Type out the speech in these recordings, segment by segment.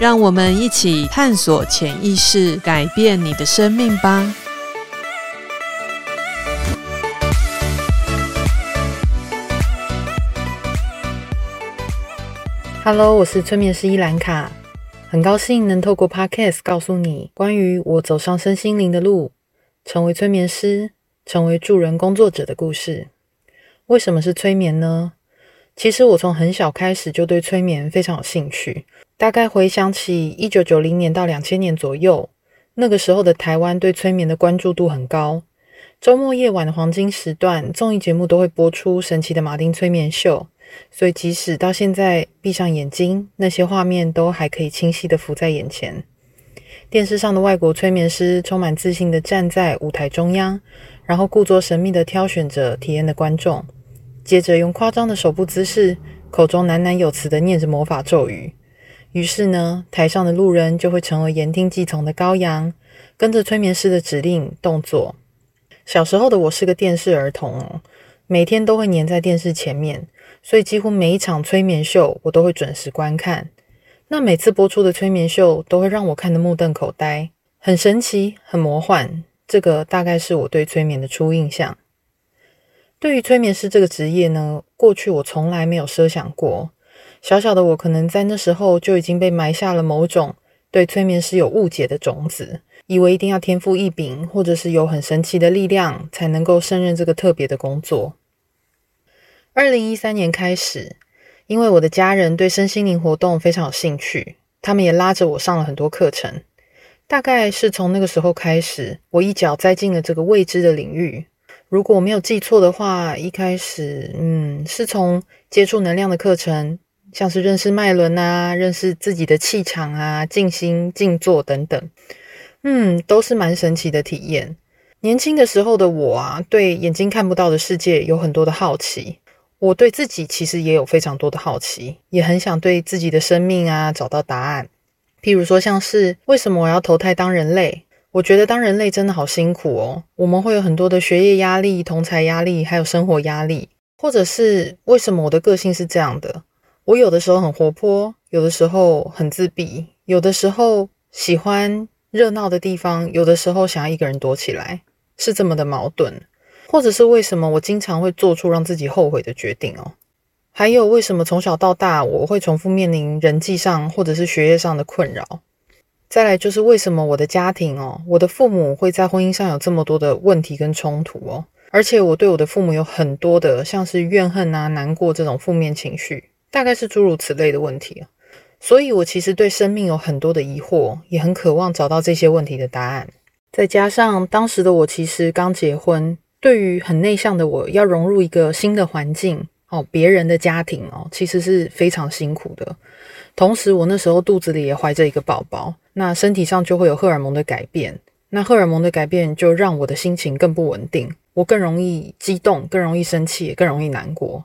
讓我們一起探索潛意識，改變你的生命吧！Hello，我是催眠師伊蘭卡，很高興能透過 Podcast 告訴你關於我走上身心靈的路，成為催眠師，成為助人工作者的故事。為什麼是催眠呢？其實我從很小開始就對催眠非常有興趣。大概回想起一九九零年到兩千年左右，那個時候的台灣對催眠的關注度很高。周末夜晚的黃金時段，綜藝節目都會播出神奇的馬丁催眠秀。所以即使到現在，閉上眼睛，那些畫面都還可以清晰地浮在眼前。電視上的外國催眠師充滿自信地站在舞台中央，然後故作神秘地挑選着體驗的觀眾，接着用誇張的手部姿勢，口中喃喃有詞地念着魔法咒語。於是呢，台上的路人就會成為言聽計從的羔羊，跟着催眠師的指令動作。小時候的我是個電視兒童哦，每天都會黏在電視前面，所以幾乎每一場催眠秀我都會準時觀看。那每次播出的催眠秀都會讓我看得目瞪口呆，很神奇，很魔幻。這個大概是我對催眠的初印象。對於催眠師這個職業呢，過去我從來沒有奢想過。小小的我可能在那時候就已經被埋下了某種對催眠師有誤解的種子，以為一定要天賦異稟，或者是有很神奇的力量，才能夠勝任這個特別的工作。二零一三年開始，因為我的家人對身心靈活動非常有興趣，他們也拉着我上了很多課程。大概是從那個時候開始，我一腳栽進了這個未知的領域。如果我沒有記錯的話，一開始，嗯，是從接觸能量的課程。像是認識脈輪啊，認識自己的氣場啊，靜心、靜坐等等，嗯，都是蠻神奇的體驗。年輕的時候的我啊，對眼睛看不到的世界有很多的好奇，我對自己其實也有非常多的好奇，也很想對自己的生命啊找到答案。譬如說，像是為什麼我要投胎當人類？我覺得當人類真的好辛苦哦，我們會有很多的學業壓力、同儕壓力，還有生活壓力。或者是為什麼我的個性是這樣的？我有的時候很活潑，有的時候很自閉，有的時候喜歡熱鬧的地方，有的時候想要一個人躲起來，是這麼的矛盾。或者是為什麼我經常會做出讓自己後悔的決定哦？還有為什麼從小到大我會重複面臨人際上或者是學業上的困擾？再來就是為什麼我的家庭哦，我的父母會在婚姻上有這麼多的問題跟衝突哦？而且我對我的父母有很多的像是怨恨啊、難過這種負面情緒。大概是諸如此類的問題。所以我其實對生命有很多的疑惑，也很渴望找到這些問題的答案。再加上當時的我其實剛結婚，對於很內向的我，要融入一個新的環境哦，別人的家庭哦，其實是非常辛苦的。同時，我那時候肚子裡也懷着一個寶寶，那身體上就會有荷爾蒙的改變，那荷爾蒙的改變就讓我的心情更不穩定，我更容易激動，更容易生氣，也更容易難過。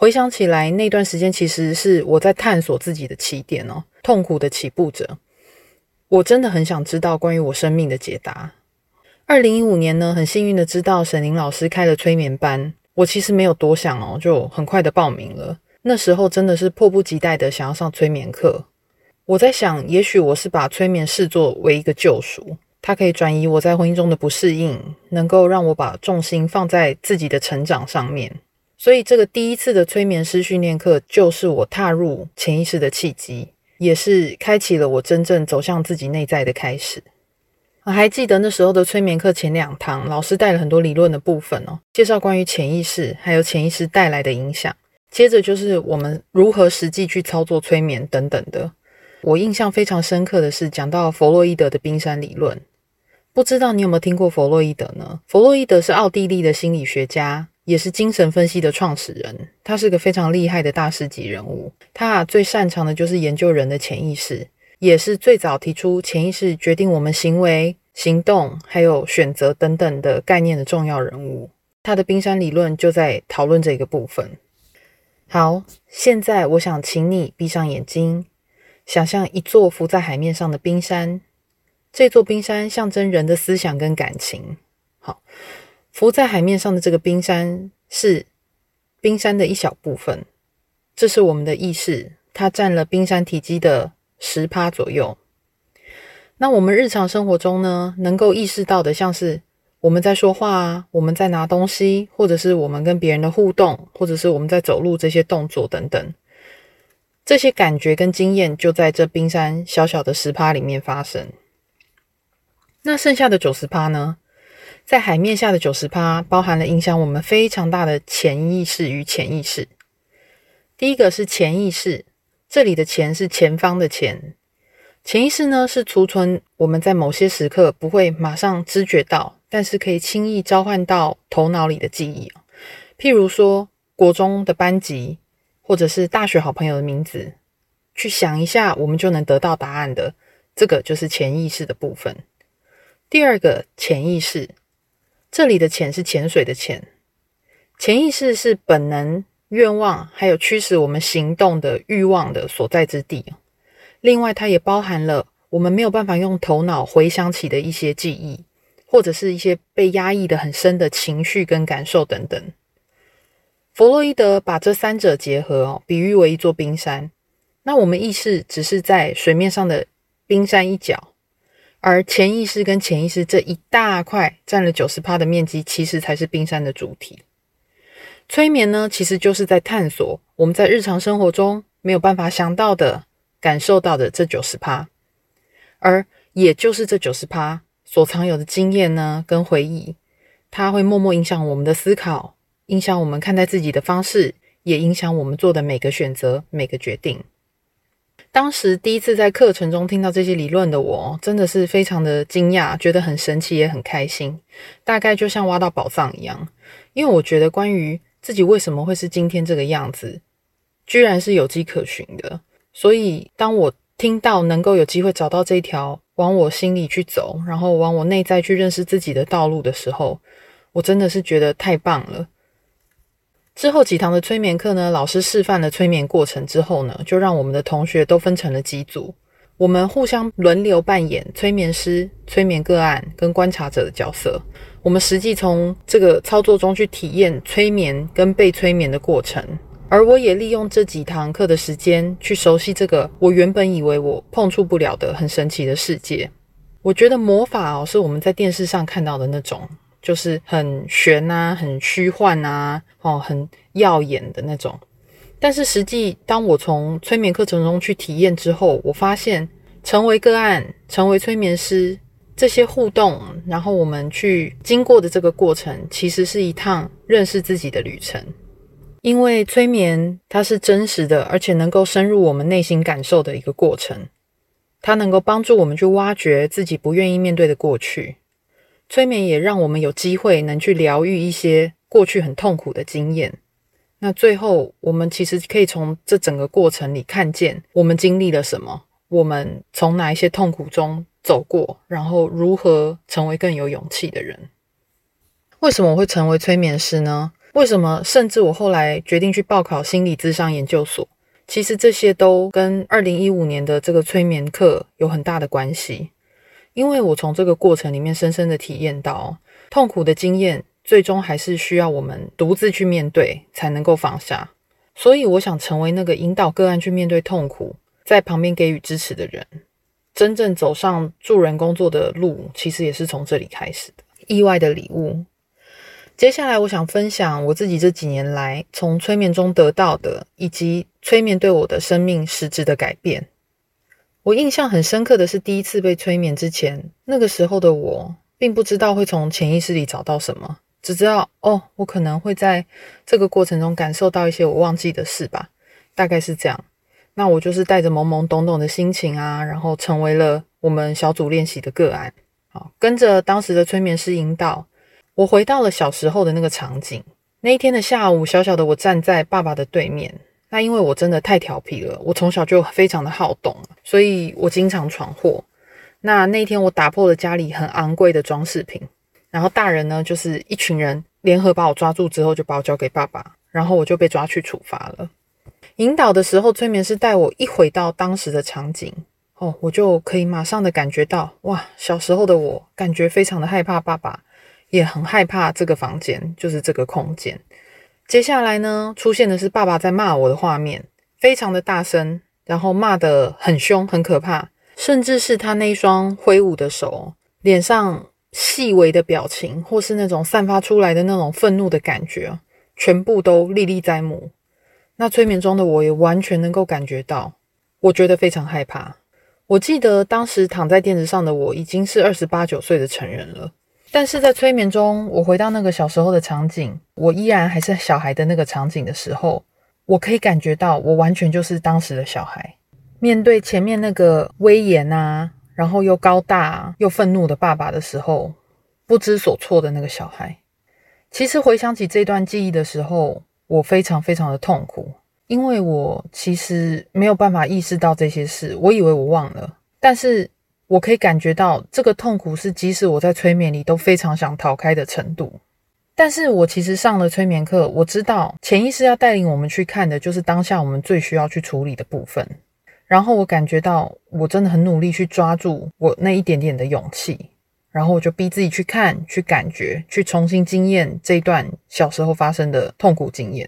回想起來，那段時間其實是我在探索自己的起點哦，痛苦的起步者。我真的很想知道關於我生命的解答。二零一五年呢，很幸運的知道沈伶老師開了催眠班，我其實沒有多想哦，就很快的報名了。那時候真的是迫不及待的想要上催眠課。我在想，也許我是把催眠視作為一個救贖，它可以轉移我在婚姻中的不適應，能夠讓我把重心放在自己的成長上面。所以，這個第一次的催眠師訓練課就是我踏入潛意識的契機，也是開啟了我真正走向自己內在的開始。我還記得那時候的催眠課前兩堂，老師帶了很多理論的部分哦，介紹關於潛意識，還有潛意識帶來的影響。接着就是我們如何實際去操作催眠等等的。我印象非常深刻的是講到佛洛伊德的冰山理論。不知道你有沒有聽過佛洛伊德呢？佛洛伊德是奧地利的心理學家。也是精神分析的創始人，他是個非常厲害的大師級人物。他最擅長的就是研究人的潛意識，也是最早提出潛意識決定我們行為、行動還有選擇等等的概念的重要人物。他的冰山理論就在討論這個部分。好，現在我想請你閉上眼睛，想象一座浮在海面上的冰山。這座冰山象徵人的思想跟感情。好。浮在海面上的這個冰山是冰山的一小部分，這是我們的意識，它佔了冰山體積的十趴左右。那我們日常生活中呢，能夠意識到的，像是我們在說話啊，我們在拿東西，或者是我們跟別人的互動，或者是我們在走路這些動作等等，這些感覺跟經驗就在這冰山小小的十趴裡面發生。那剩下的九十趴呢？在海面下的九十趴包含了影響我們非常大的潛意識與潛意識。第一個是潛意識，這裡的潛是前方的前。潛意識呢是儲存我們在某些時刻不會馬上知覺到，但是可以輕易召喚到頭腦裡的記憶。譬如說國中的班級，或者是大學好朋友的名字，去想一下，我們就能得到答案的。這個就是潛意識的部分。第二個潛意識。這裡的潛是潛水的潛，潛意識是本能、願望，還有驅使我們行動的欲望的所在之地。另外，它也包含了我們沒有辦法用頭腦回想起的一些記憶，或者是一些被壓抑的很深的情緒跟感受等等。弗洛伊德把這三者結合、哦、比喻為一座冰山。那我們意識只是在水面上的冰山一角。而潛意識跟潛意識這一大塊占了九十趴的面積，其實才是冰山的主體。催眠呢，其實就是在探索我們在日常生活中沒有辦法想到的、感受到的這九十趴，而也就是這九十趴所藏有的經驗呢，跟回憶，它會默默影響我們的思考，影響我們看待自己的方式，也影響我們做的每個選擇、每個決定。當時第一次在課程中聽到這些理論的我，真的是非常的驚訝，覺得很神奇，也很開心，大概就像挖到寶藏一樣。因為我覺得關於自己為什麼會是今天這個樣子，居然是有跡可循的。所以當我聽到能夠有機會找到這條往我心裡去走，然後往我內在去認識自己的道路的時候，我真的是覺得太棒了。之後幾堂的催眠課呢，老師示範了催眠過程之後呢，就讓我們的同學都分成了幾組，我們互相輪流扮演催眠師、催眠個案跟觀察者的角色，我們實際從這個操作中去體驗催眠跟被催眠的過程，而我也利用這幾堂課的時間去熟悉這個我原本以為我碰觸不了的很神奇的世界。我覺得魔法哦，是我們在電視上看到的那種。就是很玄啊，很虛幻啊，哦，很耀眼的那種。但是實際，當我從催眠課程中去體驗之後，我發現，成為個案，成為催眠師，這些互動，然後我們去經過的這個過程，其實是一趟認識自己的旅程。因為催眠它是真實的，而且能夠深入我們內心感受的一個過程，它能夠幫助我們去挖掘自己不願意面對的過去。催眠也讓我們有機會能去療癒一些過去很痛苦的經驗。那最後，我們其實可以從這整個過程裡看見我們經歷了什麼，我們從哪一些痛苦中走過，然後如何成為更有勇氣的人。為什麼我會成為催眠師呢？為什麼甚至我後來決定去報考心理諮商研究所？其實這些都跟二零一五年的這個催眠課有很大的關係。因為我從這個過程裡面深深的體驗到，痛苦的經驗最終還是需要我們獨自去面對才能夠放下，所以我想成為那個引導個案去面對痛苦，在旁邊給予支持的人，真正走上助人工作的路，其實也是從這裡開始的。意外的禮物，接下來我想分享我自己這幾年來從催眠中得到的，以及催眠對我的生命實質的改變。我印象很深刻的是，第一次被催眠之前，那個時候的我並不知道會從潛意識裡找到什麼，只知道哦，我可能會在這個過程中感受到一些我忘記的事吧，大概是這樣。那我就是帶着懵懵懂懂的心情啊，然後成為了我們小組練習的個案。好，跟着當時的催眠師引導，我回到了小時候的那個場景。那一天的下午，小小的我站在爸爸的對面。那因為我真的太調皮了，我從小就非常的好動，所以我經常闖禍。那那天我打破了家裡很昂貴的裝飾品，然後大人呢，就是一群人聯合把我抓住之後，就把我交給爸爸，然後我就被抓去處罰了。引導的時候，催眠師帶我一回到當時的場景，哦，我就可以馬上的感覺到，哇，小時候的我感覺非常的害怕爸爸，也很害怕這個房間，就是這個空間。接下來呢，出現的是爸爸在罵我的畫面，非常的大聲，然後罵得很兇、很可怕，甚至是他那雙揮舞的手、臉上細微的表情，或是那種散發出來的那種憤怒的感覺，全部都歷歷在目。那催眠中的我也完全能夠感覺到，我覺得非常害怕。我記得當時躺在墊子上的我，已經是二十八九歲的成人了。但是在催眠中，我回到那個小時候的場景，我依然還是小孩的那個場景的時候，我可以感覺到，我完全就是當時的小孩，面對前面那個威嚴啊，然後又高大又憤怒的爸爸的時候，不知所措的那個小孩。其實回想起這段記憶的時候，我非常非常的痛苦，因為我其實沒有辦法意識到這些事，我以為我忘了，但是。我可以感覺到這個痛苦是即使我在催眠裡都非常想逃開的程度，但是我其實上了催眠課，我知道潛意識要帶領我們去看的就是當下我們最需要去處理的部分。然後我感覺到我真的很努力去抓住我那一點點的勇氣，然後我就逼自己去看、去感覺、去重新經驗這一段小時候發生的痛苦經驗。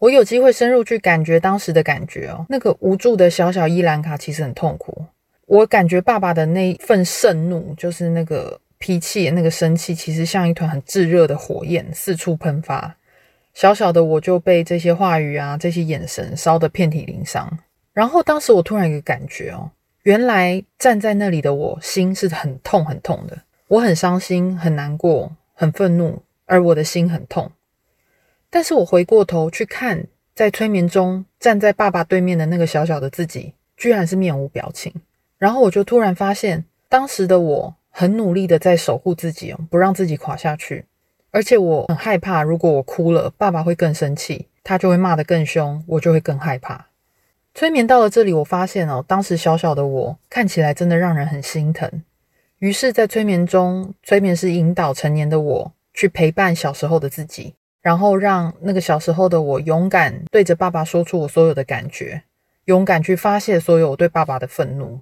我有機會深入去感覺當時的感覺哦，那個無助的小小伊蘭卡其實很痛苦。我感覺爸爸的那一份盛怒，就是那個脾氣、那個生氣，其實像一團很炙熱的火焰，四處噴發。小小的我就被這些話語啊、這些眼神燒得遍體鱗傷。然後當時我突然一個感覺哦，原來站在那裡的我心是很痛、很痛的，我很傷心、很難過、很憤怒，而我的心很痛。但是我回過頭去看，在催眠中站在爸爸對面的那個小小的自己，居然是面無表情。然後我就突然發現，當時的我很努力的在守護自己哦，不讓自己垮下去，而且我很害怕，如果我哭了，爸爸會更生氣，他就會罵得更凶，我就會更害怕。催眠到了這裡，我發現哦，當時小小的我看起來真的讓人很心疼。於是，在催眠中，催眠師引導成年的我去陪伴小時候的自己，然後讓那個小時候的我勇敢對着爸爸說出我所有的感覺，勇敢去發洩所有我對爸爸的憤怒。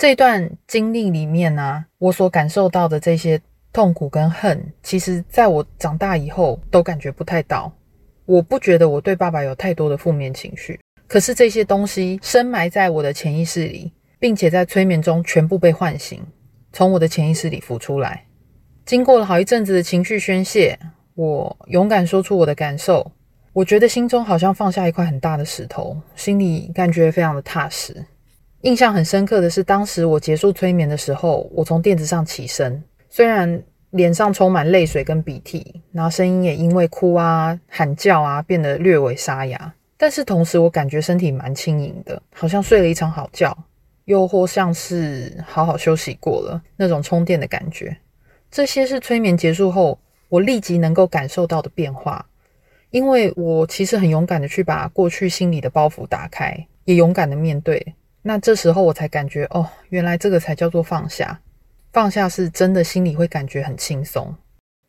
這段經歷裡面呢、啊，我所感受到的這些痛苦跟恨，其實在我長大以後都感覺不太到。我不覺得我對爸爸有太多的負面情緒，可是這些東西深埋在我的潛意識裡，並且在催眠中全部被喚醒，從我的潛意識裡浮出來。經過了好一陣子的情緒宣洩，我勇敢說出我的感受，我覺得心中好像放下一塊很大的石頭，心裡感覺非常的踏實。印象很深刻的是，當時我結束催眠的時候，我從墊子上起身，雖然臉上充滿淚水跟鼻涕，然後聲音也因為哭啊、喊叫啊變得略微沙啞，但是同時我感覺身體蠻輕盈的，好像睡了一場好覺，又或像是好好休息過了那種充電的感覺。這些是催眠結束後我立即能夠感受到的變化，因為我其實很勇敢的去把過去心裡的包袱打開，也勇敢的面對。那這時候我才感覺哦，原來這個才叫做放下。放下是真的心裡會感覺很輕鬆。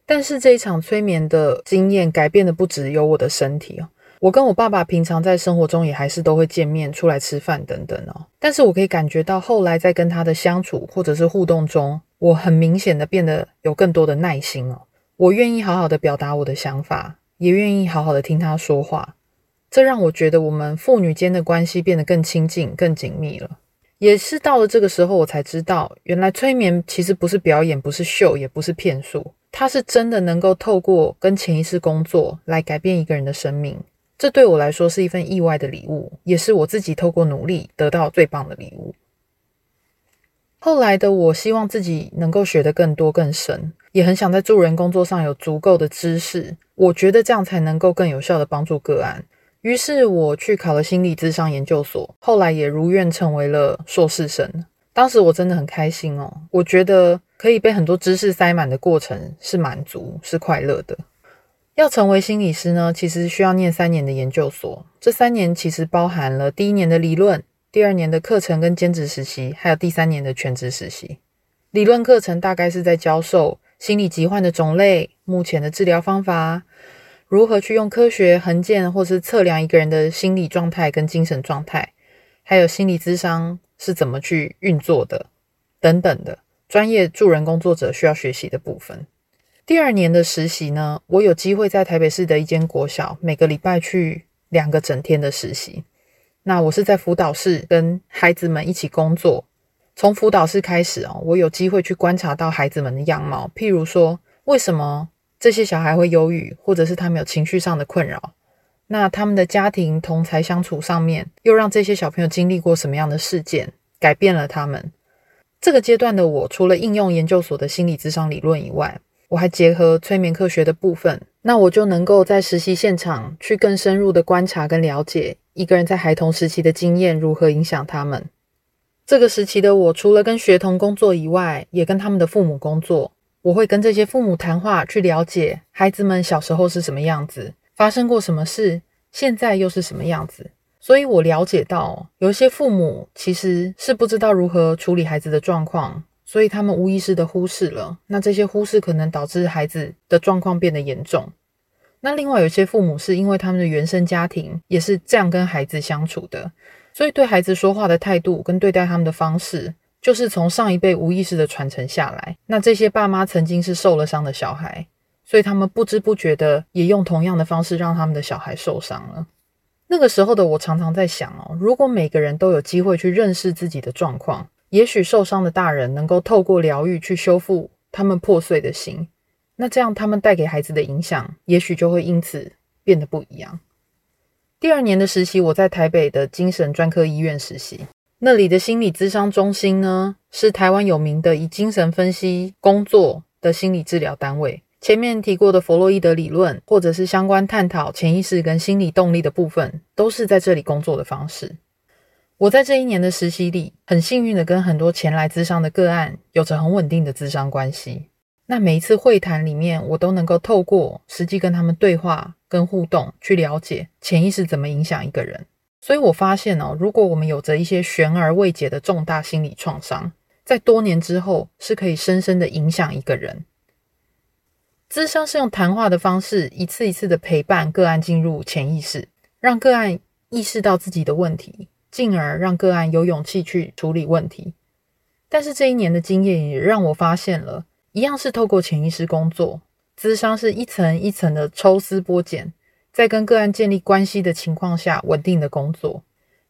但是這一場催眠的經驗改變的不只有我的身體哦，我跟我爸爸平常在生活中也還是都會見面、出來吃飯等等哦。但是我可以感覺到後來在跟他的相處或者是互動中，我很明顯的變得有更多的耐心哦。我願意好好的表達我的想法，也願意好好的聽他說話。這讓我覺得我們父女間的關係變得更親近、更緊密了。也是到了這個時候，我才知道，原來催眠其實不是表演，不是秀，也不是騙術，它是真的能夠透過跟潛意識工作來改變一個人的生命。這對我來說是一份意外的禮物，也是我自己透過努力得到最棒的禮物。後來的我希望自己能夠學得更多、更深，也很想在助人工作上有足夠的知識。我覺得這樣才能夠更有效地幫助個案。於是我去考了心理諮商研究所，後來也如願成為了碩士生。當時我真的很開心哦，我覺得可以被很多知識塞滿的過程是滿足、是快樂的。要成為心理師呢，其實需要念三年的研究所。這三年其實包含了第一年的理論、第二年的課程跟兼職實習，還有第三年的全職實習。理論課程大概是在教授心理疾患的種類、目前的治療方法。如何去用科學衡鑑，或是測量一個人的心理狀態跟精神狀態，還有心理諮商是怎麼去運作的等等的專業助人工作者需要學習的部分。第二年的實習呢，我有機會在台北市的一間國小，每個禮拜去兩個整天的實習。那我是在輔導室跟孩子們一起工作。從輔導室開始哦，我有機會去觀察到孩子們的樣貌，譬如說，為什麼，這些小孩會憂鬱，或者是他們有情緒上的困擾。那他們的家庭同儕相處上面，又讓這些小朋友經歷過什麼樣的事件，改變了他們？這個階段的我，除了應用研究所的心理諮商理論以外，我還結合催眠科學的部分，那我就能夠在實習現場去更深入的觀察跟了解，一個人在孩童時期的經驗如何影響他們。這個時期的我，除了跟學童工作以外，也跟他們的父母工作。我會跟這些父母談話，去了解孩子們小時候是什麼樣子，發生過什麼事，現在又是什麼樣子。所以我了解到，有一些父母其實是不知道如何處理孩子的狀況，所以他們無意識地忽視了。那這些忽視可能導致孩子的狀況變得嚴重。那另外有些父母是因為他們的原生家庭也是這樣跟孩子相處的，所以對孩子說話的態度跟對待他們的方式。就是從上一輩無意識的傳承下來。那這些爸媽曾經是受了傷的小孩，所以他們不知不覺的也用同樣的方式讓他們的小孩受傷了。那個時候的我常常在想哦，如果每個人都有機會去認識自己的狀況，也許受傷的大人能夠透過療癒去修復他們破碎的心，那這樣他們帶給孩子的影響，也許就會因此變得不一樣。第二年的實習，我在台北的精神專科醫院實習。那裡的心理諮商中心呢，是台灣有名的以精神分析工作的心理治療單位。前面提過的弗洛伊德理論，或者是相關探討潛意識跟心理動力的部分，都是在這裡工作的方式。我在這一年的實習裡，很幸運地跟很多前來諮商的個案，有着很穩定的諮商關係。那每一次會談裡面，我都能夠透過實際跟他們對話跟互動，去了解潛意識怎麼影響一個人。所以我發現哦，如果我們有着一些懸而未解的重大心理創傷，在多年之後是可以深深地影響一個人。諮商是用談話的方式，一次一次的陪伴個案進入潛意識，讓個案意識到自己的問題，進而讓個案有勇氣去處理問題。但是這一年的經驗也讓我發現了，一樣是透過潛意識工作，諮商是一層一層的抽絲剝繭。在跟個案建立關係的情況下，穩定的工作，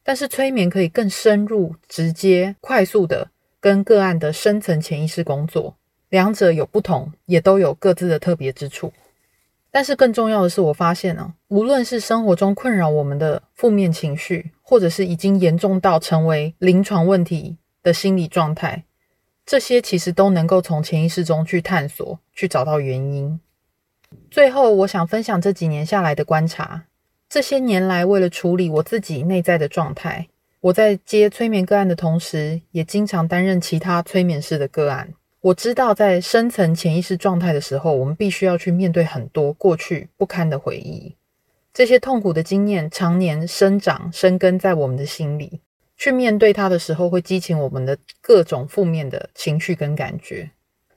但是催眠可以更深入、直接、快速地跟個案的深層潛意識工作。兩者有不同，也都有各自的特別之處。但是更重要的是，我發現呢、啊，無論是生活中困擾我們的負面情緒，或者是已經嚴重到成為臨床問題的心理狀態，這些其實都能夠從潛意識中去探索，去找到原因。最後，我想分享這幾年下來的觀察。這些年來，為了處理我自己內在的狀態，我在接催眠個案的同時，也經常擔任其他催眠師的個案。我知道，在深層潛意識狀態的時候，我們必須要去面對很多過去不堪的回憶。這些痛苦的經驗，常年生長、生根在我們的心裡。去面對它的時候，會激起我們的各種負面的情緒跟感覺。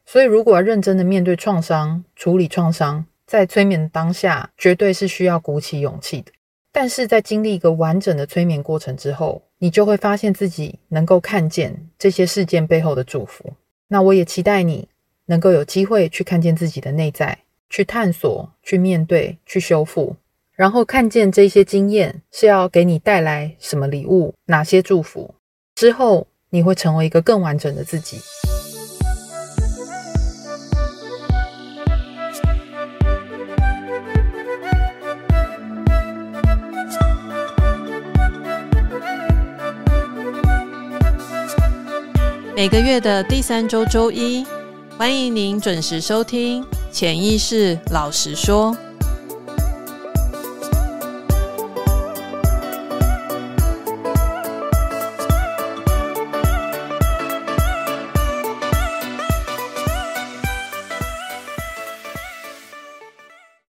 所以，如果要認真的面對創傷、處理創傷，在催眠的當下，絕對是需要鼓起勇氣的。但是在經歷一個完整的催眠過程之後，你就會發現自己能夠看見這些事件背後的祝福。那我也期待你能夠有機會去看見自己的內在，去探索、去面對、去修復，然後看見這些經驗是要給你帶來什麼禮物、哪些祝福。之後，你會成為一個更完整的自己。每個月的第三周周一，歡迎您準時收聽《潛意識老實說》。